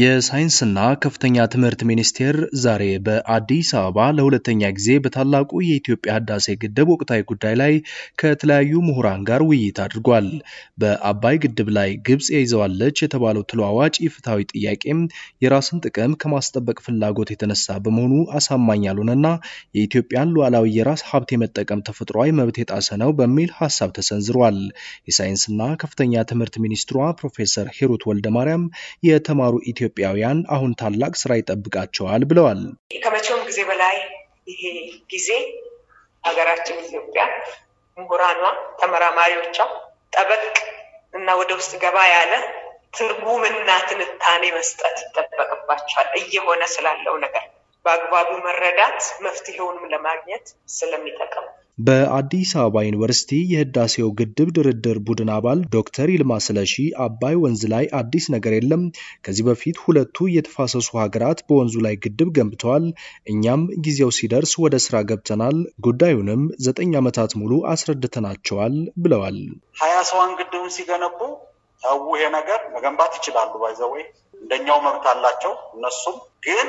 የሳይንስና ከፍተኛ ትምህርት ሚኒስቴር ዛሬ በአዲስ አበባ ለሁለተኛ ጊዜ በታላቁ የኢትዮጵያ ህዳሴ ግድብ ወቅታዊ ጉዳይ ላይ ከተለያዩ ምሁራን ጋር ውይይት አድርጓል። በአባይ ግድብ ላይ ግብፅ ይዘዋለች የተባለው ተለዋዋጭ ፍትሐዊ ጥያቄም የራስን ጥቅም ከማስጠበቅ ፍላጎት የተነሳ በመሆኑ አሳማኝ ያልሆነና የኢትዮጵያን ሉዓላዊ የራስ ሀብት የመጠቀም ተፈጥሯዊ መብት የጣሰ ነው በሚል ሀሳብ ተሰንዝሯል። የሳይንስና ከፍተኛ ትምህርት ሚኒስትሯ ፕሮፌሰር ሂሩት ወልደማርያም የተማሩ ኢትዮ ኢትዮጵያውያን አሁን ታላቅ ስራ ይጠብቃቸዋል ብለዋል። ከመቼውም ጊዜ በላይ ይሄ ጊዜ ሀገራችን ኢትዮጵያ ምሁራኗ፣ ተመራማሪዎቿ ጠበቅ እና ወደ ውስጥ ገባ ያለ ትርጉምና ትንታኔ መስጠት ይጠበቅባቸዋል። እየሆነ ስላለው ነገር በአግባቡ መረዳት መፍትሄውንም ለማግኘት ስለሚጠቅም በአዲስ አበባ ዩኒቨርሲቲ የህዳሴው ግድብ ድርድር ቡድን አባል ዶክተር ይልማ ስለሺ አባይ ወንዝ ላይ አዲስ ነገር የለም፣ ከዚህ በፊት ሁለቱ የተፋሰሱ ሀገራት በወንዙ ላይ ግድብ ገንብተዋል፣ እኛም ጊዜው ሲደርስ ወደ ስራ ገብተናል፣ ጉዳዩንም ዘጠኝ ዓመታት ሙሉ አስረድተናቸዋል ብለዋል። ሀያ ሰዋን ግድብን ሲገነቡ ተው፣ ይሄ ነገር መገንባት ይችላሉ፣ ባይዘወይ እንደኛው መብት አላቸው እነሱም ግን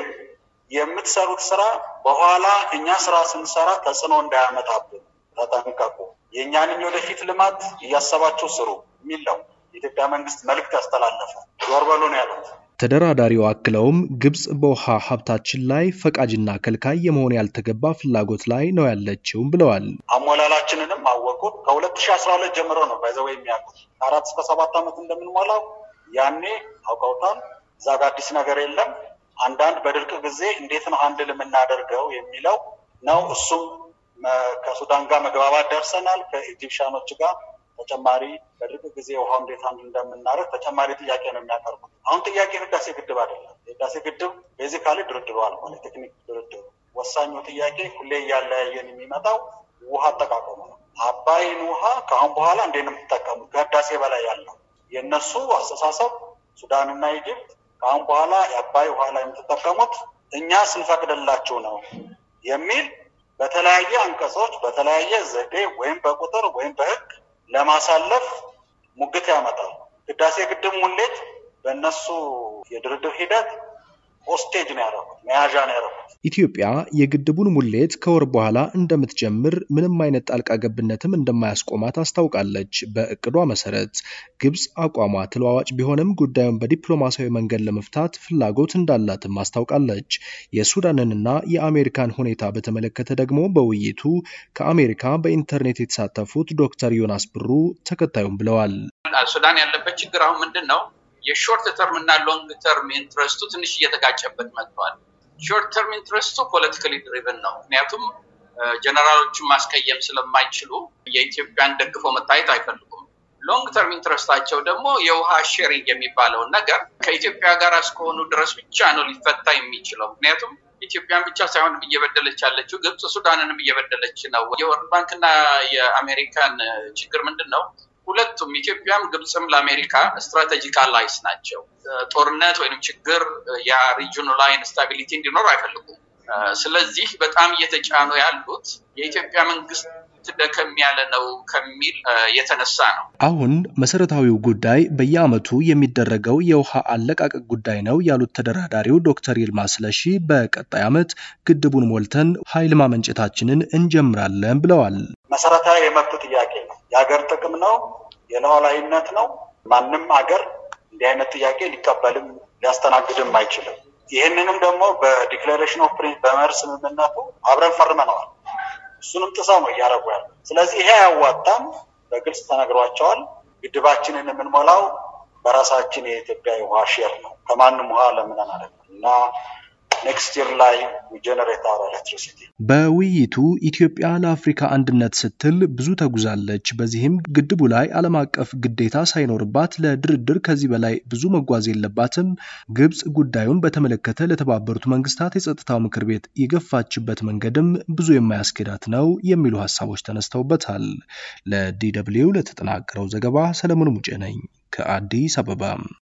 የምትሰሩት ስራ በኋላ እኛ ስራ ስንሰራ ተጽዕኖ እንዳያመጣብን ተጠንቀቁ፣ የእኛንም የወደፊት ልማት እያሰባችሁ ስሩ የሚል ነው የኢትዮጵያ መንግስት መልእክት ያስተላለፈ። ዞር ነው ያሉት። ተደራዳሪው አክለውም ግብፅ በውሃ ሀብታችን ላይ ፈቃጅና ከልካይ የመሆን ያልተገባ ፍላጎት ላይ ነው ያለችውም ብለዋል። አሞላላችንንም አወቁ ከ ከ2012 ጀምሮ ነው ባይዘወ የሚያውቁት ከአራት እስከ ሰባት ዓመት እንደምንሞላው ያኔ አውቀውታል። እዛ ጋ አዲስ ነገር የለም። አንዳንድ በድርቅ ጊዜ እንዴት ነው አንድል የምናደርገው የሚለው ነው። እሱም ከሱዳን ጋር መግባባት ደርሰናል። ከኢጂፕሽያኖች ጋር ተጨማሪ በድርቅ ጊዜ ውሃ እንዴት አንድ እንደምናደርግ ተጨማሪ ጥያቄ ነው የሚያቀርቡት። አሁን ጥያቄ ህዳሴ ግድብ አይደለም። የህዳሴ ግድብ ቤዚካሊ ድርድሩ አልፏል። ቴክኒክ ድርድሩ ወሳኙ ጥያቄ ሁሌ እያለያየን የሚመጣው ውሃ አጠቃቀሙ ነው። አባይን ውሃ ከአሁን በኋላ እንዴት ነው የምትጠቀሙት? ከህዳሴ በላይ ያለው የእነሱ አስተሳሰብ ሱዳንና ኢጅፕት ከአሁን በኋላ የአባይ ውሃ ላይ የምትጠቀሙት እኛ ስንፈቅድላችሁ ነው የሚል በተለያየ አንቀጾች በተለያየ ዘዴ ወይም በቁጥር ወይም በህግ ለማሳለፍ ሙግት ያመጣል። ህዳሴ ግድብ ሙሌት በእነሱ የድርድር ሂደት ሆስቴጅ ነው ያደረጉት፣ መያዣ ነው ያደረጉት። ኢትዮጵያ የግድቡን ሙሌት ከወር በኋላ እንደምትጀምር ምንም አይነት ጣልቃ ገብነትም እንደማያስቆማት አስታውቃለች። በእቅዷ መሰረት ግብፅ አቋሟ ተለዋዋጭ ቢሆንም ጉዳዩን በዲፕሎማሲያዊ መንገድ ለመፍታት ፍላጎት እንዳላትም አስታውቃለች። የሱዳንንና የአሜሪካን ሁኔታ በተመለከተ ደግሞ በውይይቱ ከአሜሪካ በኢንተርኔት የተሳተፉት ዶክተር ዮናስ ብሩ ተከታዩም ብለዋል። ሱዳን ያለበት ችግር አሁን ምንድን ነው? የሾርት ተርም እና ሎንግ ተርም ኢንትረስቱ ትንሽ እየተጋጨበት መጥቷል። ሾርት ተርም ኢንትረስቱ ፖለቲካሊ ድሪቨን ነው። ምክንያቱም ጀነራሎችን ማስቀየም ስለማይችሉ የኢትዮጵያን ደግፈው መታየት አይፈልጉም። ሎንግ ተርም ኢንትረስታቸው ደግሞ የውሃ ሼሪንግ የሚባለውን ነገር ከኢትዮጵያ ጋር እስከሆኑ ድረስ ብቻ ነው ሊፈታ የሚችለው። ምክንያቱም ኢትዮጵያን ብቻ ሳይሆን እየበደለች ያለችው ግብፅ፣ ሱዳንንም እየበደለች ነው። የወርልድ ባንክና የአሜሪካን ችግር ምንድን ነው? ሁለቱም ኢትዮጵያም ግብፅም ለአሜሪካ ስትራቴጂክ አላይስ ናቸው። ጦርነት ወይም ችግር ያ ሪጅኑ ላይ ኢንስታቢሊቲ እንዲኖር አይፈልጉም። ስለዚህ በጣም እየተጫኑ ያሉት የኢትዮጵያ መንግስት ደከም ያለ ነው ከሚል የተነሳ ነው። አሁን መሰረታዊው ጉዳይ በየዓመቱ የሚደረገው የውሃ አለቃቀቅ ጉዳይ ነው ያሉት ተደራዳሪው ዶክተር ይልማ ስለሺ በቀጣይ ዓመት ግድቡን ሞልተን ኃይል ማመንጨታችንን እንጀምራለን ብለዋል። መሰረታዊ የመብት ጥያቄ ነው። የሀገር ጥቅም ነው፣ የሉዓላዊነት ነው። ማንም ሀገር እንዲህ አይነት ጥያቄ ሊቀበልም ሊያስተናግድም አይችልም። ይህንንም ደግሞ በዲክሌሬሽን ኦፍ ፕሪንስ በመር ስምምነቱ አብረን ፈርመነዋል። እሱንም ጥሰው ነው እያደረጉ ያለ። ስለዚህ ይሄ አያዋጣም፣ በግልጽ ተነግሯቸዋል። ግድባችንን የምንሞላው በራሳችን የኢትዮጵያ ውሃ ሼር ነው። ከማንም ውሃ ለምነን አለ እና ኔክስትር ላይ ጀነሬት አር ኤሌክትሪሲቲ። በውይይቱ ኢትዮጵያ ለአፍሪካ አንድነት ስትል ብዙ ተጉዛለች። በዚህም ግድቡ ላይ ዓለም አቀፍ ግዴታ ሳይኖርባት ለድርድር ከዚህ በላይ ብዙ መጓዝ የለባትም። ግብጽ ጉዳዩን በተመለከተ ለተባበሩት መንግስታት የጸጥታው ምክር ቤት የገፋችበት መንገድም ብዙ የማያስኬዳት ነው የሚሉ ሀሳቦች ተነስተውበታል። ለዲ ደብልዩ ለተጠናቀረው ዘገባ ሰለሞን ሙጬ ነኝ ከአዲስ አበባ።